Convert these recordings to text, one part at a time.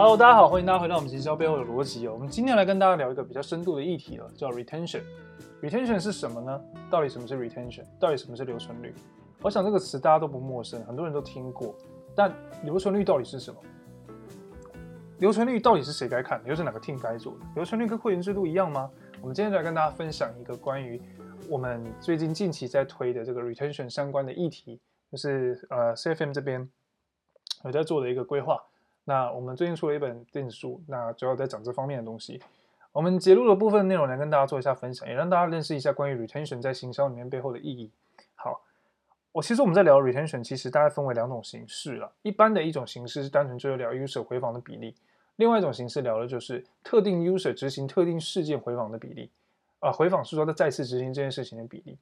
Hello，大家好，歡迎大家回到我們行銷背後的邏輯哦。我們今天來跟大家聊一個比較深度的議題了，叫 retention。retention 是什麼呢？到底什麼是 retention？到底什麼是留存率？我想這個詞大家都不陌生，很多人都聽過。但留存率到底是什麼？留存率到底是誰該看的？又是哪個 team 該做的？留存率跟會員制度一樣嗎？我們今天就來跟大家分享一個關於我們最近近期在推的這個 retention 相關的議題，就是呃 CFM 這邊有在做的一個規劃。那我們最近出了一本電子書，那主要在講這方面的東西。我們截錄了部分內容來跟大家做一下分享，也讓大家認識一下關於 retention 在行銷裡面背後的意義。好，我其實我們在聊 retention，其實大概分為兩種形式了。一般的一種形式是單純就是聊 user 回訪的比例，另外一種形式聊的就是特定 user 執行特定事件回訪的比例。啊、呃，回訪是說他再次執行這件事情的比例。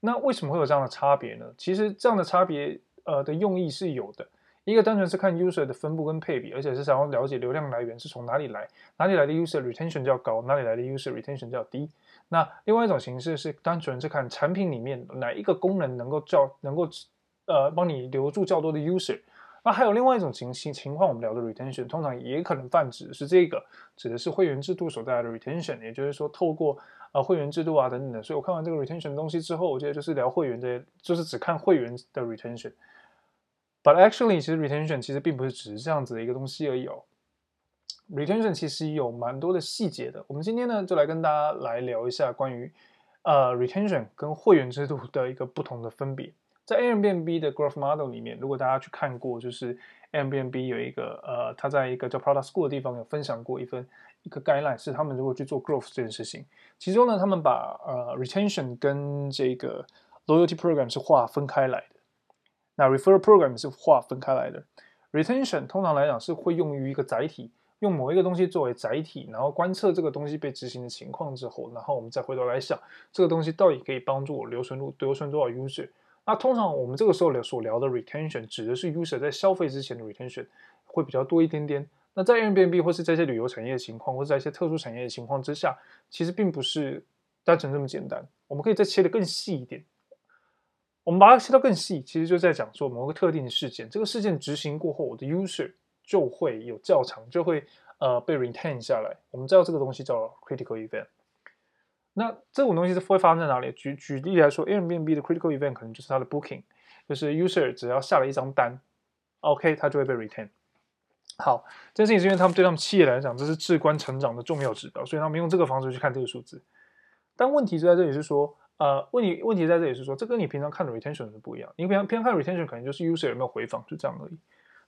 那為什麼會有這樣的差別呢？其實這樣的差別，呃，的用意是有的。一個單純是看 user 的分佈跟配比，而且是想要了解流量來源是從哪裡來，哪裡來的 user retention 較高，哪裡來的 user retention 較低。那另外一種形式是單純是看產品裡面哪一個功能能夠較能夠呃幫你留住較多的 user。那還有另外一種情情情況，我們聊的 retention 通常也可能泛指是這個，指的是會員制度所帶來的 retention，也就是說透過啊、呃、會員制度啊等等的。所以我看完這個 retention 的東西之後，我覺得就是聊會員的，就是只看會員的 retention。But actually，其實 retention 其實並不是只是這樣子的一個東西而已哦。Retention 其實有蠻多的細節的。我們今天呢，就來跟大家來聊一下關於呃 retention 跟會員制度的一個不同的分別。在 Airbnb 的 growth model 裡面，如果大家去看過，就是 Airbnb 有一個呃，他在一個叫 Product School 的地方有分享過一份一個 guideline，是他們如果去做 growth 這件事情，其中呢，他們把呃 retention 跟這個 loyalty program 是劃分開來的。那 referral program 是劃分開來的，retention 通常來講是會用於一個載體，用某一個東西作為載體，然後觀測這個東西被執行的情況之後，然後我們再回頭來想這個東西到底可以幫助我留存住、留存多少 user。那通常我們這個時候聊所聊的 retention 指的是 user 在消費之前的 retention 會比較多一點點。那在 Airbnb 或是在一些旅遊產業的情況，或是在一些特殊產業的情況之下，其實並不是單純這麼簡單，我們可以再切得更細一點。我們把它切到更細，其實就是在講說某個特定的事件，這個事件執行過後，我的 user 就會有較長，就會呃被 retain 下來。我們知道這個東西叫 critical event。那這種東西是會發生在哪裡？舉舉例來說，Airbnb 的 critical event 可能就是它的 booking，就是 user 只要下了一張單，OK，它就會被 retain。好，這件事情是因為他們對他們企業來講，這是至關成長的重要指標，所以他們用這個方式去看這個數字。但問題就在這裡是說。呃，問題問題在這裡是說，這跟你平常看的 retention 是不一樣。你平常平常看的 retention，可能就是 user 有沒有回訪，就這樣而已。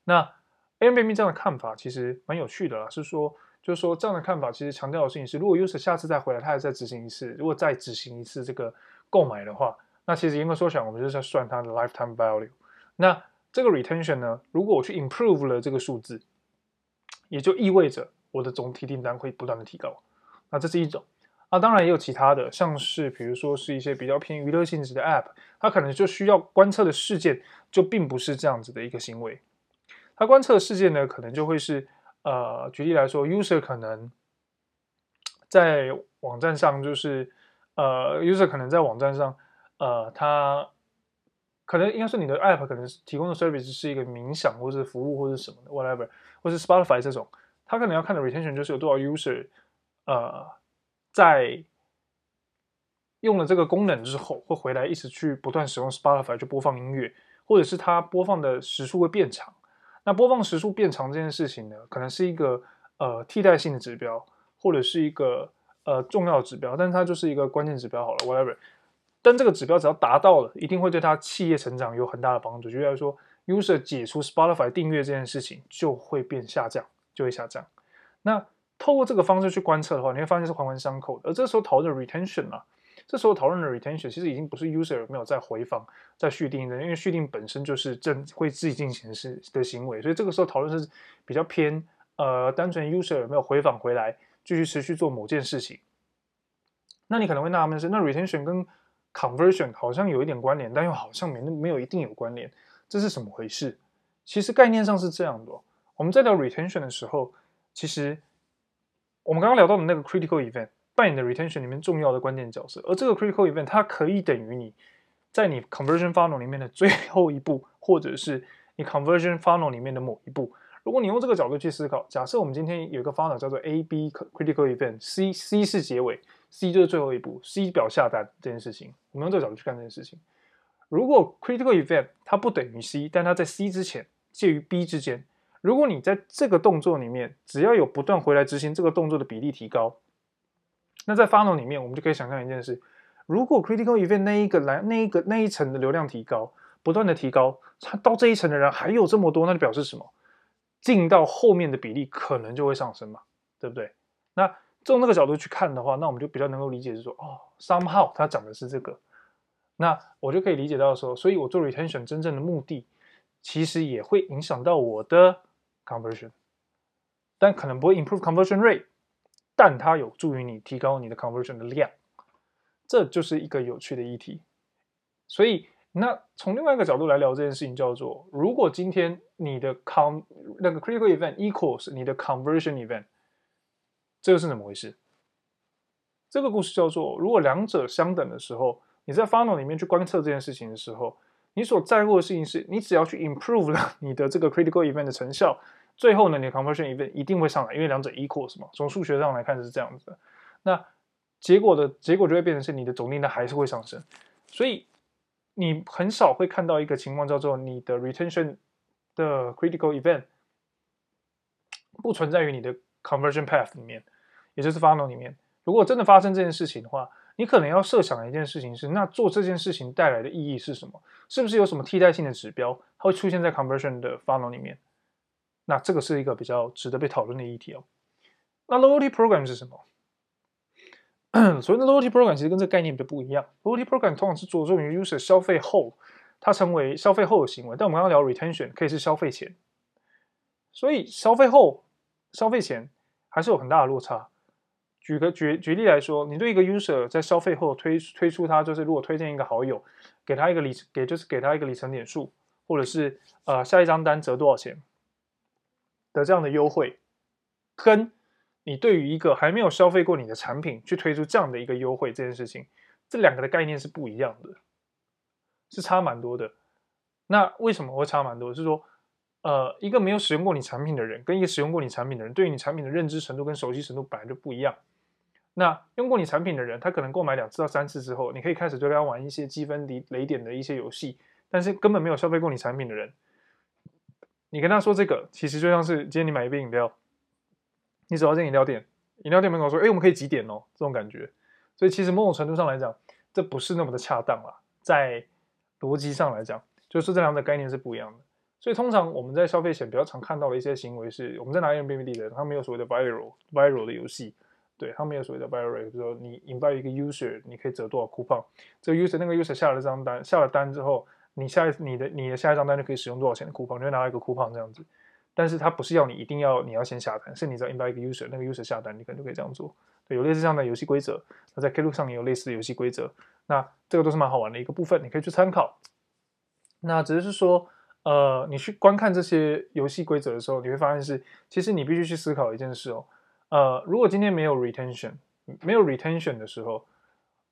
那 Airbnb 這樣的看法其實蠻有趣的啦，是說，就是說這樣的看法其實強調的事情是，如果 user 下次再回來，他再執行一次，如果再執行一次這個購買的話，那其實嚴格說起來，我們就是在算他的 lifetime value。那這個 retention 呢，如果我去 improve 了這個數字，也就意味着我的總體訂單會不斷的提高。那這是一種。那、啊、當然也有其他的，像是比如說是一些比較偏娛樂性質的 App，它可能就需要觀測的事件就並不是這樣子的一個行為。它觀測的事件呢，可能就會是，呃，舉例來說，user 可能在網站上，就是，呃，user 可能在網站上，呃，它可能應該是你的 App 可能提供的 service 是一個冥想或者服務或者什麼的，whatever，或是 Spotify 這種，它可能要看的 retention 就是有多少 user，呃。在用了這個功能之後，會回來一直去不斷使用 Spotify 去播放音樂，或者是它播放的時數會變長。那播放時數變長這件事情呢，可能是一個呃替代性的指標，或者是一個呃重要的指標，但是它就是一個關鍵指標好了，whatever。但這個指標只要達到了，一定會對它企業成長有很大的幫助。就例如說，user 解除 Spotify 訂閱這件事情就會變下降，就會下降。那透過這個方式去觀測的話，你會發現是環環相扣，而這時候討論的 retention 啊，這時候討論的 retention 其實已經不是 user 有沒有在回訪、在續訂的，因為續訂本身就是正會自己進行是的行為，所以這個時候討論是比較偏呃單純 user 有沒有回訪回來繼續持續做某件事情。那你可能會納悶是，那 retention 跟 conversion 好像有一點關聯，但又好像沒沒有一定有關聯，這是什麼回事？其實概念上是這樣的、哦，我們在聊 retention 的時候，其實。我們剛剛聊到的那個 critical event 扮演的 retention 裡面重要的關鍵角色，而這個 critical event 它可以等於你在你 conversion funnel 裡面的最後一步，或者是你 conversion funnel 裡面的某一步。如果你用這個角度去思考，假設我們今天有一個 funnel 叫做 A B critical event C C 是結尾，C 就是最後一步，C 表下單這件事情。我們用這個角度去看這件事情。如果 critical event 它不等於 C，但它在 C 之前，介於 B 之間。如果你在這個動作裡面，只要有不斷回來執行這個動作的比例提高，那在 final 裡面，我們就可以想象一件事，如果 critical event 那一個來，那一個那一層的流量提高，不斷的提高，它到這一層的人還有這麼多，那就表示什麼？進到後面的比例可能就會上升嘛，對不對？那從這個角度去看的話，那我們就比較能夠理解是說，哦，somehow 它講的是這個，那我就可以理解到說，所以我做 retention 真正的目的，其實也會影響到我的。Conversion，但可能不會 improve conversion rate，但它有助於你提高你的 conversion 的量，這就是一個有趣的議題。所以，那從另外一個角度來聊這件事情，叫做如果今天你的 con 那個 critical event equals 你的 conversion event，這個是怎麼回事？這個故事叫做如果兩者相等的時候，你在 funnel 裡面去觀測這件事情的時候，你所在乎的事情是你只要去 improve 了你的這個 critical event 的成效。最後呢，你的 conversion event 一定會上來，因為兩者 equals 嘛，從數學上來看就是這樣子的。那結果的結果就會變成是你的總訂單還是會上升，所以你很少會看到一個情況叫做你的 retention 的 critical event 不存在於你的 conversion path 裡面，也就是 funnel 裡面。如果真的發生這件事情的話，你可能要設想的一件事情是，那做這件事情帶來的意義是什麼？是不是有什麼替代性的指標，它會出現在 conversion 的 funnel 裡面？那這個是一個比較值得被討論的議題哦。那 loyalty program 是什麼？所謂的 loyalty program 其實跟這個概念比較不一樣。loyalty program 通常是着重於 user 消費後，它成為消費後的行為。但我們剛剛聊 retention 可以是消費前，所以消費後、消費前還是有很大的落差。舉個舉舉例來說，你對一個 user 在消費後推推出他就是如果推薦一個好友，給他一個裡給就是給他一個里程點數，或者是呃下一張單折多少錢？的這樣的優惠，跟你對於一個還沒有消費過你的產品去推出這樣的一個優惠這件事情，這兩個的概念是不一樣的，是差蠻多的。那為什麼會差蠻多？就是說，呃，一個沒有使用過你產品的人，跟一個使用過你產品的人，對於你產品的認知程度跟熟悉程度本來就不一樣。那用過你產品的人，他可能購買兩次到三次之後，你可以開始對他玩一些積分離雷點的一些遊戲，但是根本沒有消費過你產品的人。你跟他說這個，其實就像是今天你買一杯飲料，你走到這飲料店，飲料店門口說：“哎、欸，我們可以幾點哦？”這種感覺。所以其實某種程度上來講，這不是那麼的恰當啦。在邏輯上來講，就是這兩個概念是不一樣的。所以通常我們在消費前比較常看到的一些行為是，我們在拿一張便的人，他沒有所謂的 viral viral 的遊戲，對，他沒有所謂的 viral，比如說你 invite 一個 user，你可以折多少 coupon，這個 user 那個 user 下了這張單，下了單之後。你下一你的你的下一張單就可以使用多少錢的 coupon，你會拿到一個 coupon 這樣子，但是它不是要你一定要你要先下單，是你只要 invite 一個 user，那個 user 下單，你可能就可以這樣做，對，有類似這樣的遊戲規則。那在 Klook 上也有類似的遊戲規則，那這個都是蠻好玩的一個部分，你可以去參考。那只是說，呃，你去觀看這些遊戲規則的時候，你會發現是，其實你必須去思考一件事哦，呃，如果今天沒有 retention，沒有 retention 的時候，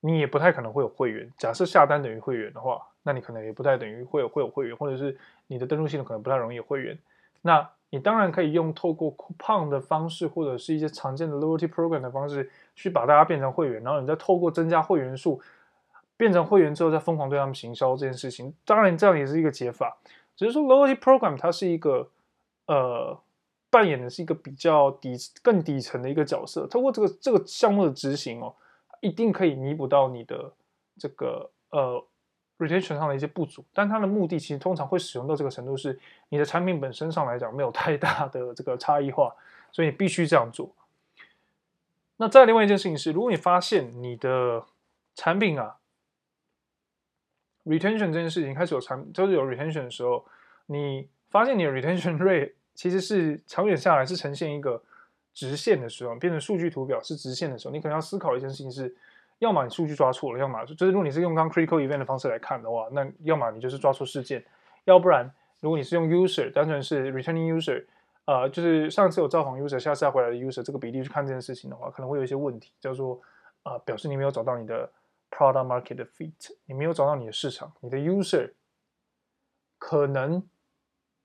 你也不太可能會有會員。假設下單等於會員的話。那你可能也不太等於會有會有會員，或者是你的登錄系統可能不太容易有會員。那你當然可以用透過 coupon 的方式，或者是一些常見的 loyalty program 的方式，去把大家變成會員，然後你再透過增加會員數，變成會員之後再瘋狂對他們行銷這件事情。當然，這樣也是一個解法，只是說 loyalty program 它是一個呃扮演的是一個比較底更底層的一個角色，透過這個這個項目的執行哦，一定可以彌補到你的這個呃。retention 上的一些不足，但它的目的其實通常會使用到這個程度是你的產品本身上來講沒有太大的這個差異化，所以你必須這樣做。那再另外一件事情是，如果你發現你的產品啊 retention 這件事情開始有產，就是有 retention 的時候，你發現你的 retention rate 其實是長遠下來是呈現一個直線的時候，變成數據圖表是直線的時候，你可能要思考一件事情是。要麼你數據抓錯了，要麼就是如果你是用剛剛 critical event 的方式來看的話，那要麼你就是抓錯事件，要不然如果你是用 user，單純是 returning user，呃，就是上次有造訪 user，下次要回來的 user 這個比例去看這件事情的話，可能會有一些問題，叫做啊、呃，表示你沒有找到你的 product market 的 fit，你沒有找到你的市場，你的 user 可能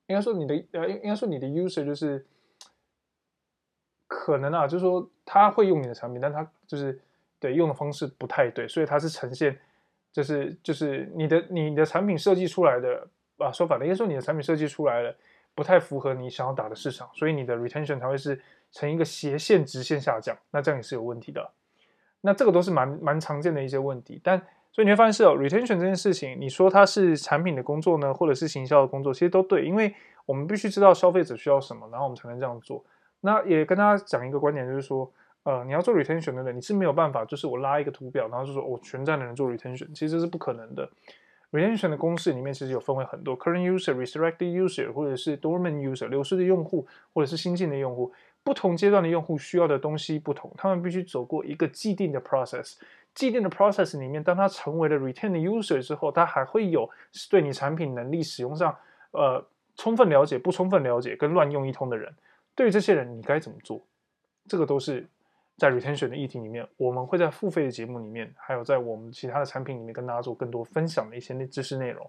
應該說你的呃，應應該說你的 user 就是可能啊，就是說他會用你的產品，但他就是。對，用的方式不太對，所以它是呈現，就是就是你的你的產品設計出來的啊，說反了，應該說你的產品設計出來了，不太符合你想要打的市場，所以你的 retention 才會是呈一個斜線直線下降，那這樣也是有問題的。那這個都是蠻蠻常見的一些問題，但所以你會發現是哦，retention 這件事情，你說它是產品的工作呢，或者是行銷的工作，其實都對，因為我們必須知道消費者需要什麼，然後我們才能這樣做。那也跟大家講一個觀點，就是說。呃，你要做 retention 的人，你是沒有辦法，就是我拉一個圖表，然後就說我、哦、全站的人做 retention，其實是不可能的。retention 的公式裡面其實有分為很多 current user、resurrected user 或者是 dormant user 流失的用戶或者是新進的用戶，不同階段的用戶需要的東西不同，他們必須走過一個既定的 process。既定的 process 裡面，當他成為了 retained user 之後，他還會有對你產品能力使用上，呃，充分了解、不充分了解跟亂用一通的人。對於這些人，你該怎麼做？這個都是。在 retention 的議題裡面，我們會在付費的節目裡面，還有在我們其他的產品裡面，跟大家做更多分享的一些知識內容。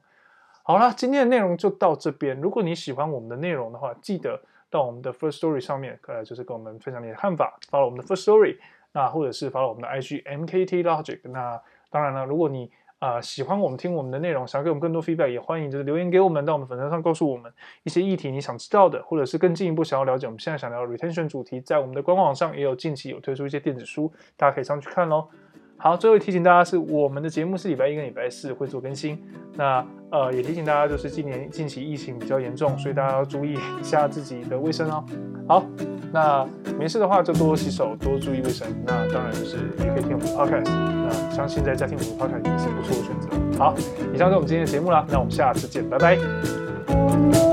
好啦，今天的內容就到這邊。如果你喜歡我們的內容的話，記得到我們的 Firstory 上面，呃，就是跟我們分享你的看法，發到我們的 Firstory，那或者是發到我們的 IG MKT Logic。那當然了，如果你啊、呃，喜歡我們聽我們的內容，想給我們更多 feedback，也歡迎就是留言給我們，在我們粉絲上告訴我們一些議題你想知道的，或者是更進一步想要了解。我們現在想聊 retention 主題，在我們的官網上也有近期有推出一些電子書，大家可以上去看嘍。好，最後提醒大家是我們的節目是禮拜一跟禮拜四會做更新，那呃也提醒大家就是今年近期疫情比較嚴重，所以大家要注意一下自己的衛生哦。好，那。沒事的話就多洗手，多注意衛生。那當然就是也可以聽我們的 podcast，那相信在家聽我們的 podcast 也是不錯的選擇。好，以上就是我們今天的節目了，那我們下次見，拜拜。